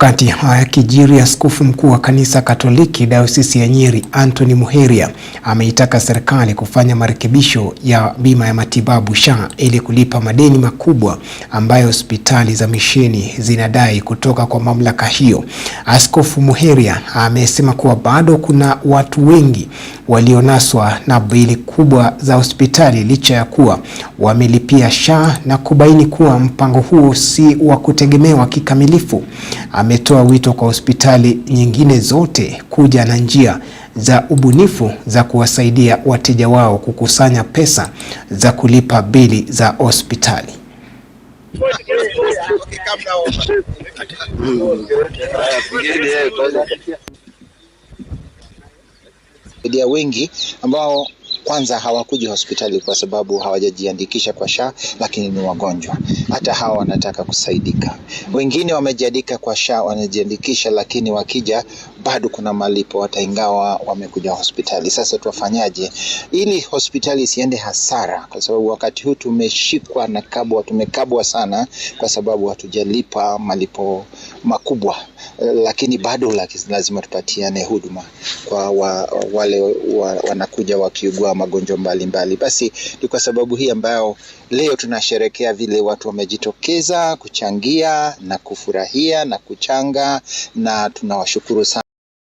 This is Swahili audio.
Wakati haya ah, kijiri, askofu mkuu wa kanisa Katoliki dayosisi ya Nyeri Anthony Muheria ameitaka serikali kufanya marekebisho ya bima ya matibabu SHA ili kulipa madeni makubwa ambayo hospitali za misheni zinadai kutoka kwa mamlaka hiyo. Askofu Muheria amesema kuwa bado kuna watu wengi walionaswa na bili kubwa za hospitali licha ya kuwa wamelipia SHA na kubaini kuwa mpango huo si wa kutegemewa kikamilifu. Ame ametoa wito kwa hospitali nyingine zote kuja na njia za ubunifu za kuwasaidia wateja wao kukusanya pesa za kulipa bili za hospitali. wengi ambao kwanza hawakuji hospitali kwa sababu hawajajiandikisha kwa SHA, lakini ni wagonjwa. Hata hawa wanataka kusaidika. Wengine wamejiandika kwa SHA, wanajiandikisha, lakini wakija bado kuna malipo hata ingawa wamekuja hospitali. Sasa tuwafanyaje ili hospitali isiende hasara? Kwa sababu wakati huu tumeshikwa na kabwa, tumekabwa sana, kwa sababu hatujalipa malipo makubwa lakini bado lazima tupatiane huduma kwa wa, wale wa, wanakuja wakiugua magonjwa mbalimbali. Basi ni kwa sababu hii ambayo leo tunasherekea vile watu wamejitokeza kuchangia na kufurahia na kuchanga, na tunawashukuru sana.